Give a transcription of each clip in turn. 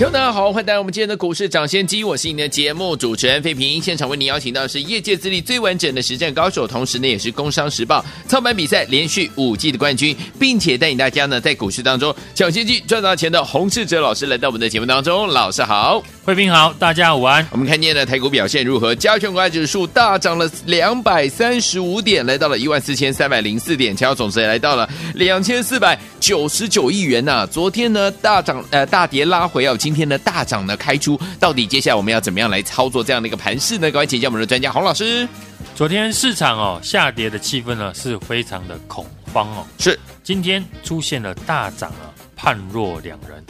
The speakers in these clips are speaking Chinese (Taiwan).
聽眾大家好，歡迎大家來到我們今天的股市漲先機，我是你的節目主持人費飛平，現場為你邀請到的是業界資歷最完整的實戰高手，同時呢也是工商時報操盤比賽連續五季的冠軍，並且帶領大家呢在股市當中漲先機賺到錢的洪士哲老師來到我們的節目當中，老師好。各位朋友，大家午安。我們看今天的台股表現如何？加權股價指數大漲了兩百三十五點，來到了一萬四千三百零四點，成交總值也來到了兩千四百九十九億元呢。昨天呢大漲，呃大跌拉回哦，今天的大漲呢開出，到底接下來我們要怎麼樣來操作這樣的一個盤勢呢？各位請教我們的專家洪老師。昨天市場哦下跌的氣氛呢是非常的恐慌哦，是今天出現了大漲啊，判若兩人。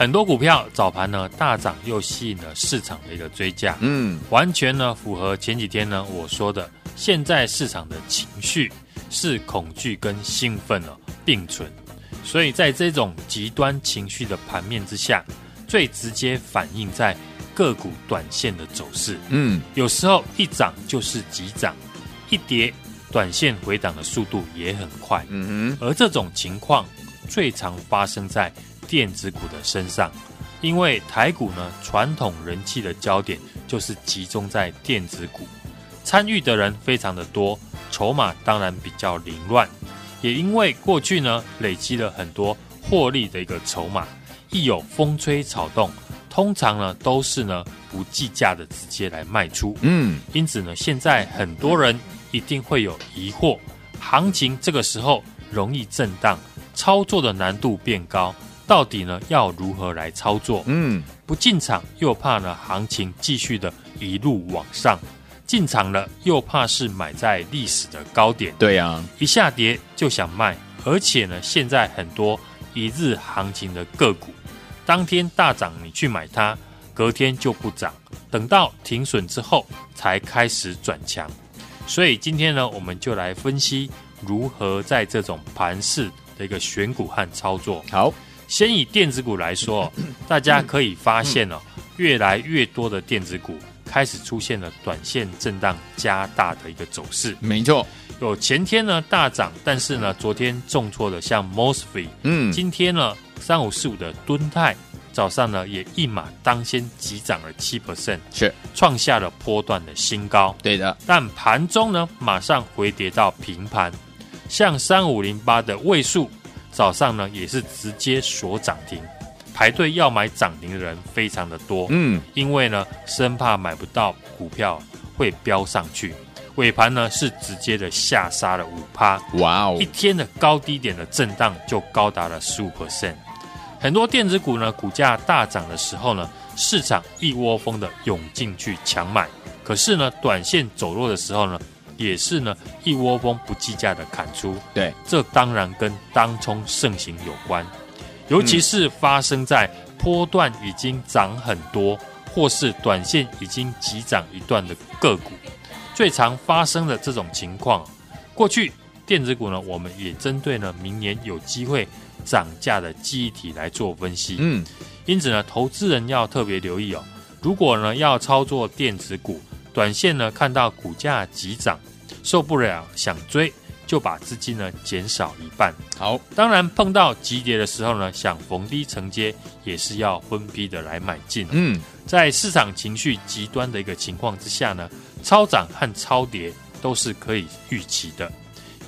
很多股票早盤呢大漲，又吸引了市場的一個追價，嗯，完全呢符合前幾天呢我說的，現在市場的情緒是恐懼跟興奮呢並存，所以在這種極端情緒的盤面之下，最直接反映在個股短線的走勢，嗯，有時候一漲就是急漲，一跌短線回檔的速度也很快，嗯哼，而這種情況最常發生在。電子股的身上，因為台股呢，傳統人氣的焦點就是集中在電子股，參與的人非常的多，籌碼當然比較凌亂，也因為過去呢累積了很多獲利的一個籌碼，一有風吹草動，通常呢都是呢不計價的直接來賣出，嗯，因此呢，現在很多人一定會有疑惑，行情這個時候容易震盪，操作的難度變高。到底呢要如何來操作？嗯，不進場又怕呢行情繼續的一路往上，進場了又怕是買在歷史的高點。對啊，一下跌就想賣，而且呢現在很多一日行情的個股，當天大漲你去買它，隔天就不漲，等到停損之後才開始轉強。所以今天呢我們就來分析如何在這種盤勢的一個選股和操作。好。先以電子股來說，大家可以發現哦，越來越多的電子股開始出現了短線震盪加大的一個走勢。沒錯，有前天呢大漲，但是呢昨天重挫的像 MOSFET。嗯，今天呢三五四五的敦泰，早上呢也一馬當先急漲了七 percent，是創下了波段的新高。對的，但盤中呢馬上回跌到平盤，像三五零八的位數。早上呢也是直接鎖漲停，排隊要買漲停的人非常的多，嗯，因為呢生怕買不到股票會飆上去。尾盤呢是直接的下殺了五趴，哇哦，一天的高低點的震盪就高達了十五 percent。很多電子股呢股價大漲的時候呢，市場一窩蜂的湧進去搶買，可是呢短線走弱的時候呢。也是呢，一窩蜂不計價的砍出，對，這當然跟當沖盛行有關，尤其是發生在波段已經漲很多，或是短線已經急漲一段的個股，最常發生的這種情況。過去電子股呢，我們也針對呢明年有機會漲價的記憶體來做分析，嗯，因此呢，投資人要特別留意哦。如果呢要操作電子股，短線呢看到股價急漲。受不了，想追就把資金呢減少一半。好，當然碰到急跌的時候呢，想逢低承接也是要分批的來買進哦。嗯，在市場情緒極端的一個情況之下呢，超漲和超跌都是可以預期的，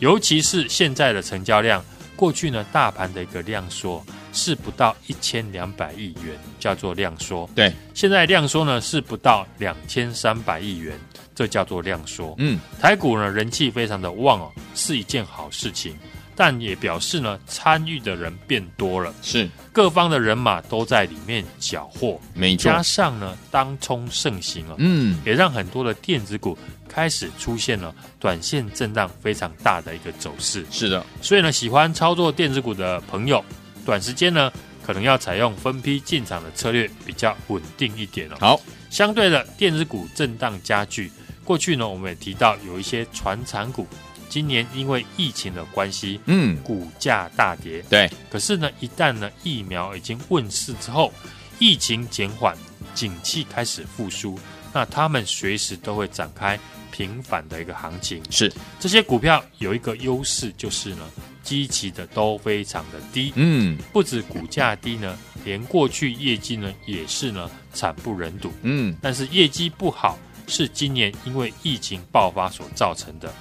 尤其是現在的成交量。過去呢，大盤的一個量縮是不到一千兩百億元，叫做量縮。對，現在量縮呢是不到兩千三百億元，這叫做量縮。嗯，台股呢人氣非常的旺哦，是一件好事情，但也表示呢參與的人變多了，是各方的人馬都在裡面攪和，沒錯。加上呢，當沖盛行啊，嗯，也讓很多的電子股。開始出現了短線震盪非常大的一個走勢，是的，所以呢，喜歡操作電子股的朋友，短時間呢可能要採用分批進場的策略，比較穩定一點哦。好，相對的，電子股震盪加劇，過去呢我們也提到有一些傳產股，今年因為疫情的關係，嗯，股價大跌。對，可是呢，一旦呢疫苗已經問世之後，疫情減緩，景氣開始復甦，那他們隨時都會展開。平反的一個行情是這些股票有一個優勢，就是呢，基期的都非常的低，嗯，不止股價低呢，連過去業績呢也是呢慘不忍睹，嗯，但是業績不好是今年因為疫情爆發所造成的，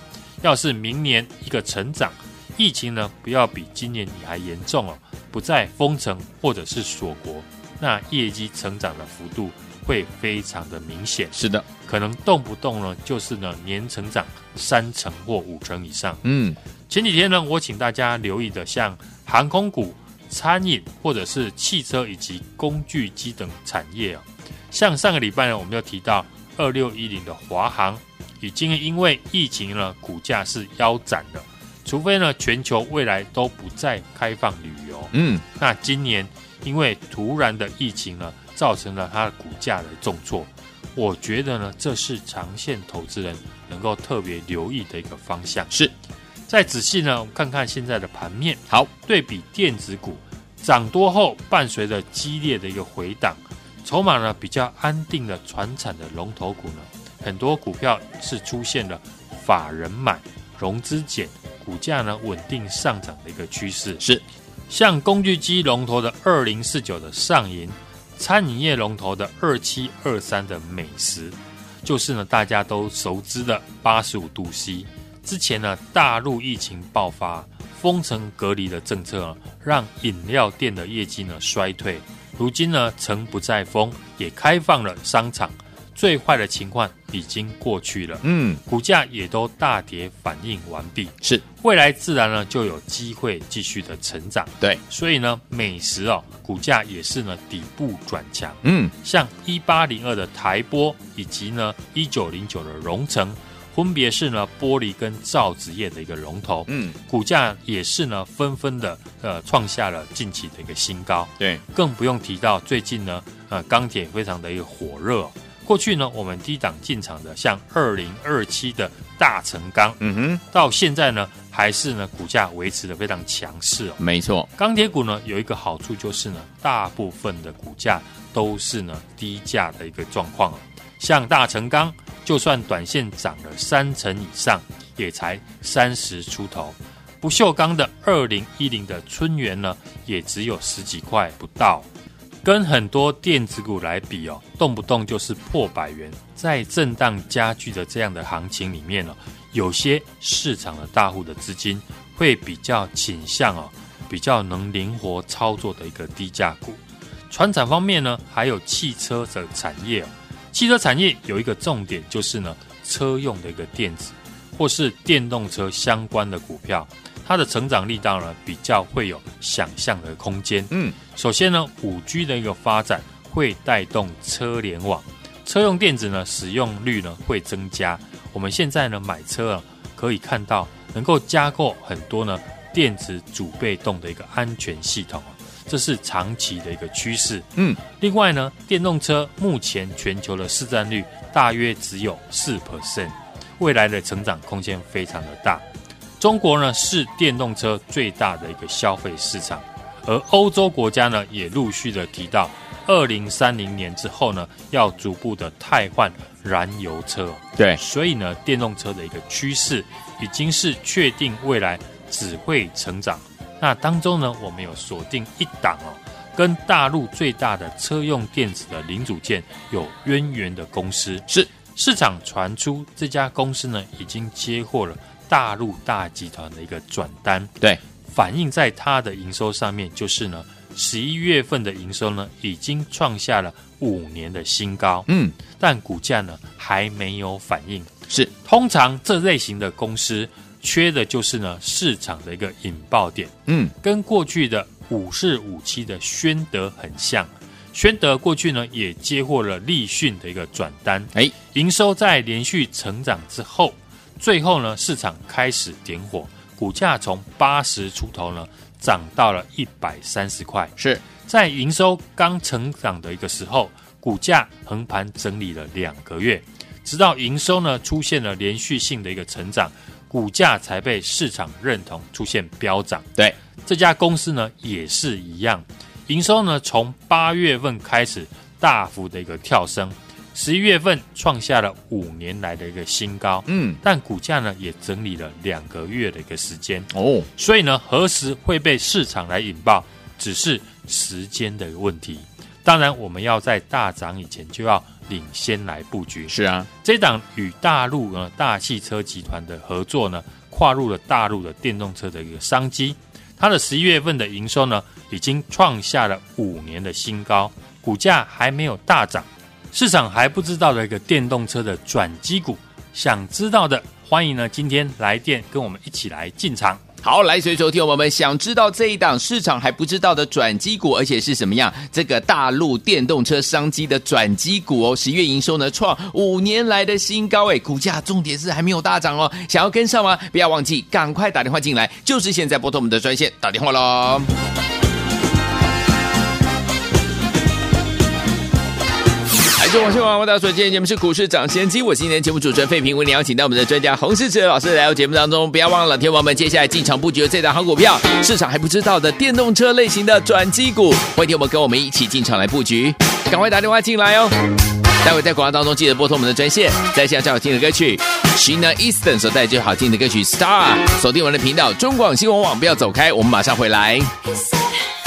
要是明年一個成長，疫情呢不要比今年你還嚴重哦，不再封城或者是鎖國。那業績成長的幅度會非常的明顯，是的，可能動不動呢就是呢年成長三成或五成以上。嗯，前幾天呢我請大家留意的，像航空股、餐飲或者是汽車以及工具機等產業啊，像上個禮拜呢我們就提到二六一零的華航，已經因為疫情呢股價是腰斬了，除非呢全球未來都不再開放旅遊，嗯，那今年。因為突然的疫情呢，造成了它的股價的重挫。我覺得呢，這是長線投資人能夠特別留意的一個方向。是。再仔細呢，我們看看現在的盤面。好，對比電子股漲多後，伴隨着激烈的一個回檔，籌碼呢比較安定的傳產的龍頭股呢，很多股票是出現了法人買、融資減，股價呢穩定上漲的一個趨勢。是。像工具機龍頭的二零四九的上銀，餐飲業龍頭的二七二三的美食，就是呢大家都熟知的八十五度 C。之前呢大陸疫情爆發，封城隔離的政策呢讓飲料店的業績呢衰退。如今呢城不再封，也開放了商場。最壞的情況已經過去了，嗯，股價也都大跌，反應完畢，是，未來自然呢就有機會繼續的成長，對，所以呢，美食哦，股價也是呢底部轉強，嗯，像一八零二的台玻以及呢一九零九的榮成，分別是呢玻璃跟造紙業的一個龍頭，嗯，股價也是呢紛紛的呃創下了近期的一個新高，對，更不用提到最近呢，呃，鋼鐵非常的一個火熱哦。過去呢，我們低檔進場的，像二零二七的大成鋼，嗯哼，到現在呢，還是呢股價維持得非常強勢哦。沒錯，鋼鐵股呢有一個好處就是呢，大部分的股價都是呢低價的一個狀況哦。像大成鋼就算短線漲了三成以上，也才三十出頭。不鏽鋼的二零一零的春源呢，也只有十幾塊不到。跟很多電子股來比哦，動不動就是破百元，在震盪加劇的這樣的行情裡面呢，有些市場的大戶的資金會比較傾向哦，比較能靈活操作的一個低價股。傳產方面呢，還有汽車的產業哦，汽車產業有一個重點就是呢，車用的一個電子或是電動車相關的股票。它的成長力道呢，比較會有想象的空間。嗯，首先呢，五 G 的一個發展會帶動車聯網，車用電子呢，使用率呢會增加。我們現在呢買車啊，可以看到能夠加購很多呢電子主被動的一個安全系統，這是長期的一個趨勢。嗯，另外呢，電動車目前全球的市占率大約只有四 percent，未來的成長空間非常的大。中國呢是電動車最大的一個消費市場，而歐洲國家呢也陸續的提到，二零三零年之後呢要逐步的汰換燃油車。對，所以呢，電動車的一個趨勢已經是確定未來只會成長。那當中呢，我們有鎖定一檔哦，跟大陸最大的車用電子的零組件有淵源的公司，是市場傳出這家公司呢已經接獲了。大陸大集團的一個轉單，對，反映在他的營收上面，就是呢，十一月份的營收呢已經創下了五年的新高，嗯，但股價呢還沒有反應，是，通常這類型的公司缺的就是呢市場的一個引爆點，嗯，跟過去的五四五七的宣德很像，宣德過去呢也接獲了立訊的一個轉單，哎、欸，營收在連續成長之後。最後呢，市場開始點火，股價從八十出頭呢漲到了一百三十塊，是在營收剛成長的一個時候，股價橫盤整理了兩個月，直到營收呢出現了連續性的一個成長，股價才被市場認同出現飆漲。對，這家公司呢也是一樣，營收呢從八月份開始大幅的一個跳升。十一月份創下了五年來的一個新高，嗯，但股價呢也整理了兩個月的一個時間哦，所以呢，何時會被市場來引爆，只是時間的一個問題。當然，我們要在大漲以前就要領先來布局。是啊，這檔與大陸呃大汽車集團的合作呢，跨入了大陸的電動車的一個商機。它的十一月份的營收呢，已經創下了五年的新高，股價還沒有大漲。市場還不知道的一個電動車的轉機股，想知道的歡迎呢，今天來電跟我們一起來進場。好，來隨手聽我們？想知道這一檔市場還不知道的轉機股，而且是什麼樣？這個大陸電動車商機的轉機股哦，十月營收呢創五年來的新高，哎，股價重點是還沒有大漲哦，想要跟上嗎？不要忘記趕快打電話進來，就是現在撥通我們的專線打電話嘍。中廣新聞網為大家帶來，今天節目是股市漲先機，我今天節目主持人費平為您邀請到我們的專家洪士哲老師來到節目當中，不要忘了天王們接下來進場布局的這檔好股票，市場還不知道的電動車類型的轉機股，歡迎天我們跟我們一起進場來布局，趕快打電話進來哦，待會在廣告當中記得撥通我們的專線，在線上好聽的歌曲 ，Sheena Easton 所帶來最好聽的歌曲 Star，鎖定我們的頻道中廣新聞網，不要走開，我們馬上回來。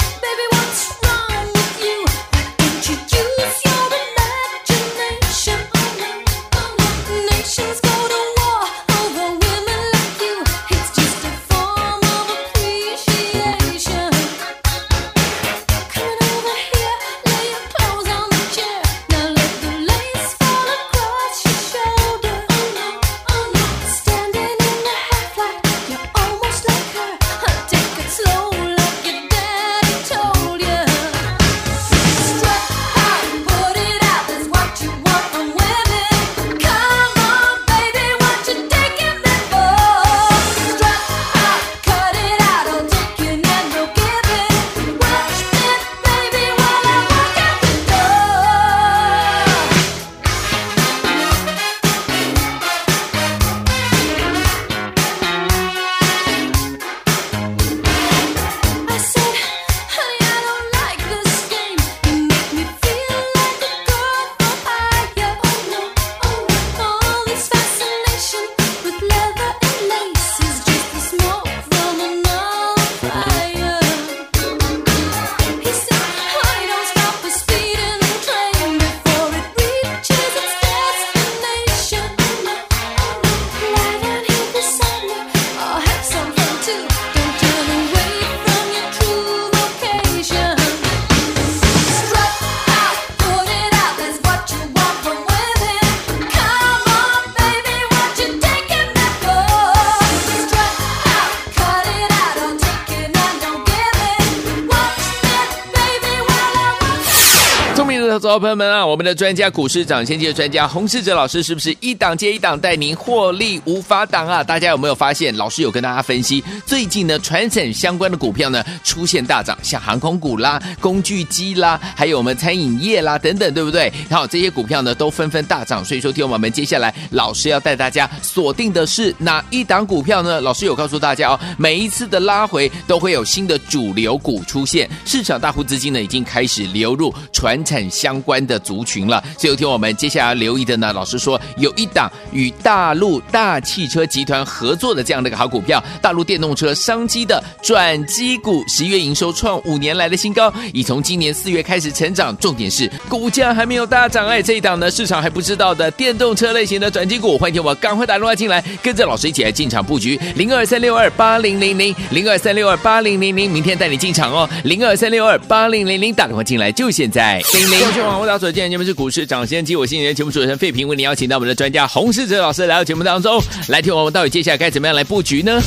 專家股市漲先機的專家洪士哲老師，是不是一檔接一檔帶您獲利無法擋啊？大家有沒有發現，老師有跟大家分析最近呢，傳產相關的股票呢出現大漲，像航空股啦、工具機啦，還有我們餐飲業啦等等，對不對？好，這些股票呢都紛紛大漲，所以說，聽我們，接下來老師要帶大家鎖定的是哪一檔股票呢？老師有告訴大家哦，每一次的拉回都會有新的主流股出現，市場大戶資金呢已經開始流入傳產相關的族群。了，所以聽我們接下來留意的呢，老師說有一檔與大陸大汽車集團合作的這樣的一個好股票，大陸電動車商機的轉機股，十月營收創五年來的新高，已從今年四月開始成長，重點是股價還沒有大漲，哎，這一檔呢市場還不知道的電動車類型的轉機股，歡迎聽我趕快打電話進來，跟着老師一起來進場布局零二三六二八零零零零二三六二八零零零，000, 000, 明天帶你進場哦，零二三六二八零零零打電話進來就現在，零零各位網友大家好，今天你們。是股市漲先機，我新人節目主持人費平為你邀請到我們的專家洪士哲老師來到節目當中，來聽我們，我們到底接下來該怎麼樣來布局呢？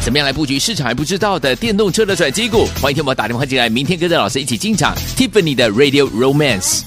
怎麼樣來布局市場還不知道的電動車的轉機股？歡迎聽我們打電話進來，明天跟着老師一起進場。Tiffany 的 Radio Romance。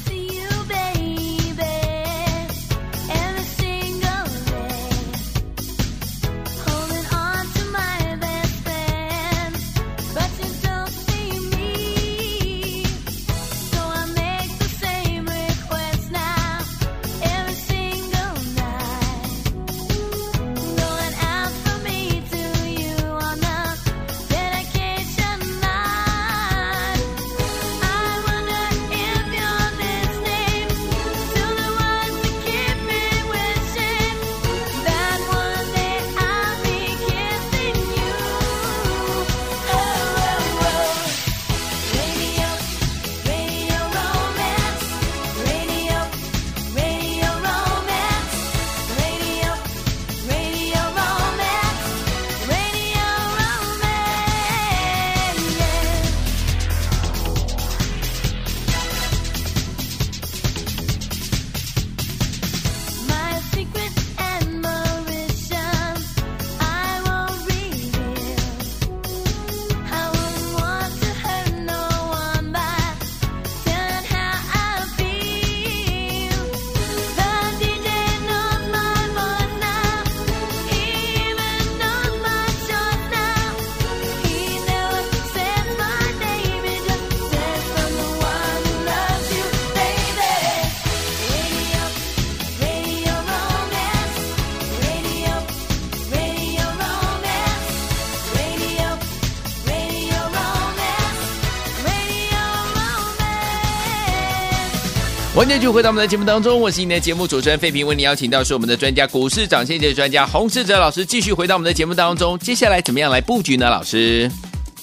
歡迎繼續回到我們的節目當中，我是你的節目主持人費平，為你邀請到是我們的專家，股市漲先機的專家洪士哲老師，繼續回到我們的節目當中，接下來怎麼樣來布局呢？老師，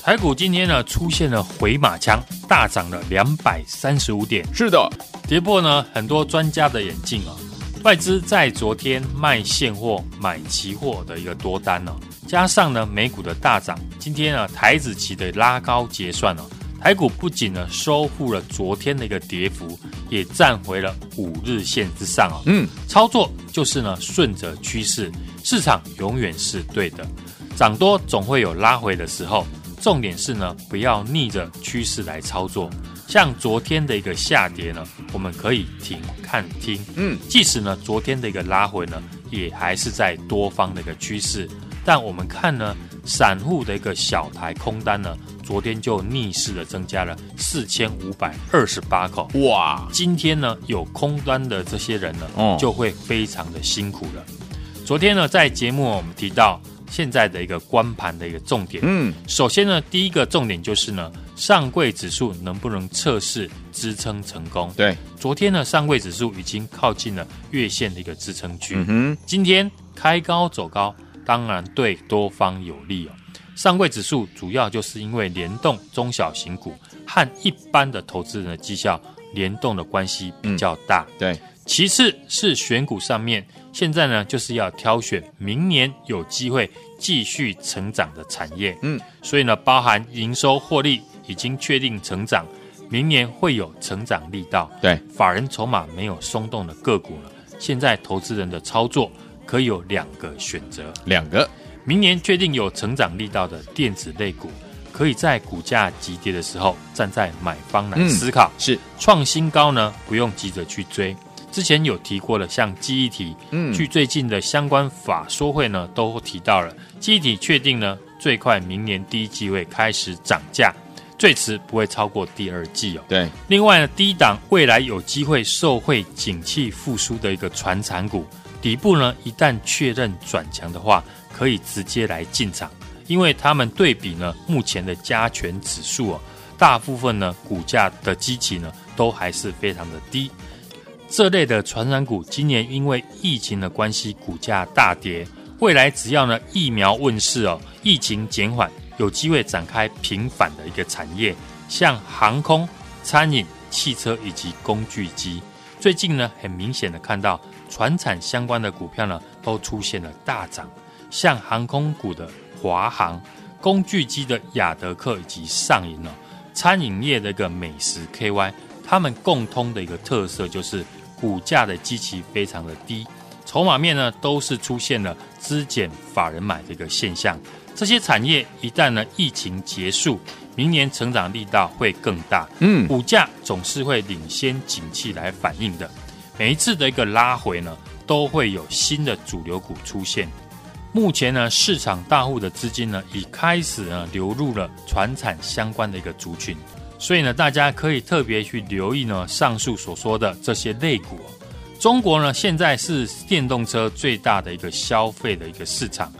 台股今天呢出現了回馬槍，大漲了兩百三十五點，是的，跌破了呢很多專家的眼鏡啊，外資在昨天賣現貨買期貨的一個多單呢、啊，加上呢美股的大漲，今天啊台指期的拉高結算呢、啊。台股不僅呢收復了昨天的一個跌幅，也站回了五日線之上啊、哦。嗯，操作就是呢順着趨勢，市場永遠是對的，漲多總會有拉回的時候。重點是呢不要逆着趨勢來操作。像昨天的一個下跌呢，我們可以停看聽。看聽嗯，即使呢昨天的一個拉回呢，也還是在多方的一個趨勢。但我們看呢，散戶的一個小台空單呢，昨天就逆勢的增加了四千五百二十八口哇！今天呢，有空單的這些人呢，哦、就會非常的辛苦了。昨天呢，在節目我們提到現在的一個關盤的一個重點，嗯，首先呢，第一個重點就是呢，上櫃指數能不能測試支撐成功？對，昨天呢，上櫃指數已經靠近了月線的一個支撐區，嗯、哼今天開高走高。當然對多方有利哦。上櫃指數主要就是因為聯動中小型股和一般的投資人的績效聯動的關係比較大。對，其次是選股上面，現在呢就是要挑選明年有機會繼續成長的產業。嗯，所以呢包含營收獲利已經確定成長，明年會有成長力道。對，法人籌碼沒有鬆動的個股呢，現在投資人的操作，可以有兩個選擇，兩個明年確定有成長力道的電子類股，可以在股價急跌的時候站在買方來思考。是創新高呢，不用急着去追。之前有提過了，像記憶體，嗯，據最近的相關法說會呢，都提到了記憶體確定呢，最快明年第一季會開始漲價，最遲不會超過第二季哦。對，另外呢，低檔未來有機會受惠景氣復甦的一個傳產股。底部呢，一旦確認轉強的話，可以直接來進場。因為他們對比呢，目前的加權指數哦、啊，大部分呢股價的基期呢都還是非常的低。這類的傳染股，今年因為疫情的關係，股價大跌。未來只要呢疫苗問世哦、啊，疫情減緩，有機會展開平反的一個產業，像航空、餐飲、汽車以及工具機。最近呢，很明顯的看到。傳產相關的股票呢，都出現了大漲，像航空股的華航、工具機的亞德客，以及上銀哦，餐飲業的一個美食 KY，他們共通的一個特色就是股價的基期非常的低，籌碼面呢都是出現了資減法人買的一個現象。這些產業一旦呢疫情結束，明年成長力道會更大，嗯，股價總是會領先景氣來反映的。嗯每一次的一個拉回呢，都會有新的主流股出現。目前呢，市場大戶的資金呢，已開始呢流入了傳產相關的一個族群，所以呢，大家可以特別去留意呢上述所說的這些類股。中國呢，現在是電動車最大的一個消費的一個市場，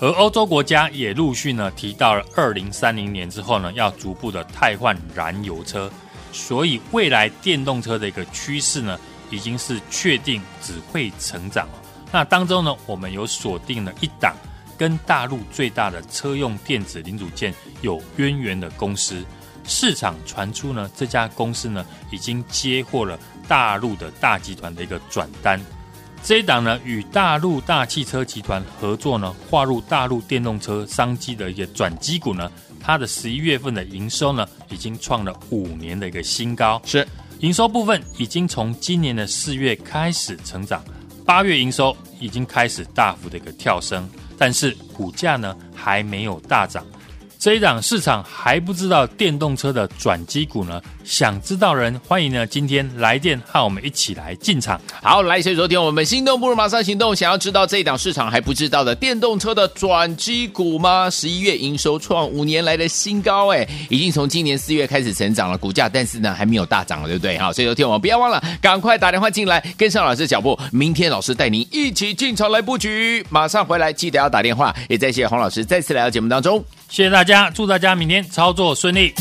而歐洲國家也陸續呢提到了二零三零年之後呢，要逐步的汰換燃油車，所以未來電動車的一個趨勢呢。已經是確定只會成長了。那當中呢，我們有鎖定了一檔跟大陸最大的車用電子零組件有淵源的公司。市場傳出呢，這家公司呢已經接獲了大陸的大集團的一個轉單。這一檔呢與大陸大汽車集團合作呢，劃入大陸電動車商機的一個轉機股呢，它的十一月份的營收呢已經創了五年的一個新高。是。營收部分已經從今年的四月開始成長，八月營收已經開始大幅的一個跳升，但是股價呢還沒有大漲。這一檔市場還不知道電動車的轉機股呢？想知道人歡迎呢？今天來電和我們一起來進場。好，來，所以昨天我們“心動不如馬上行動”。想要知道這一檔市場還不知道的電動車的轉機股嗎？十一月營收創五年來的新高，哎，已經從今年四月開始成長了，股價但是呢還沒有大漲了，對不對？好，所以昨天我們不要忘了，趕快打電話進來，跟上老師腳步。明天老師帶你一起進場來布局。馬上回來，記得要打電話。也再謝謝洪老師再次來到節目當中。謝謝大家，祝大家明天操作順利。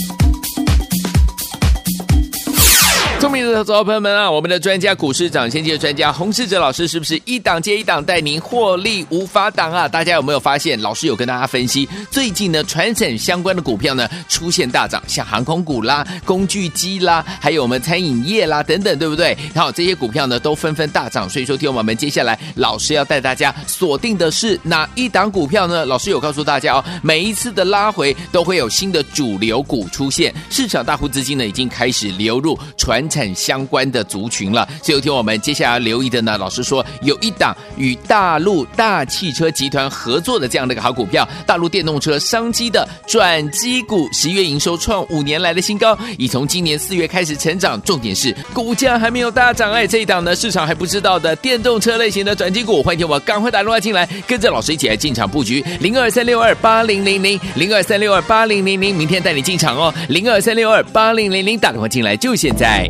聰明的各位朋友們啊，我們的專家股市漲先機的專家洪士哲老師，是不是一檔接一檔帶您獲利無法擋啊？大家有沒有發現，老師有跟大家分析，最近呢，傳產相關的股票呢出現大漲，像航空股啦、工具機啦，還有我們餐飲業啦等等，對不對？好，這些股票呢都紛紛大漲，所以說，聽我們接下來老師要帶大家鎖定的是哪一檔股票呢？老師有告訴大家哦，每一次的拉回都會有新的主流股出現，市場大戶資金呢已經開始流入傳產。產相關的族群了，所以我聽我們接下來留意的呢，老師說有一檔與大陸大汽車集團合作的這樣的一個好股票，大陸電動車商機的轉機股，十月營收創五年來的新高，已從今年四月開始成長，重點是股價還沒有大漲，哎，這一檔呢市場還不知道的電動車類型的轉機股，歡迎聽我趕快打電話進來，跟着老師一起來進場布局零二三六二八零零零，零二三六二八零零零，明天帶你進場哦，零二三六二八零零零，打電話進來就現在。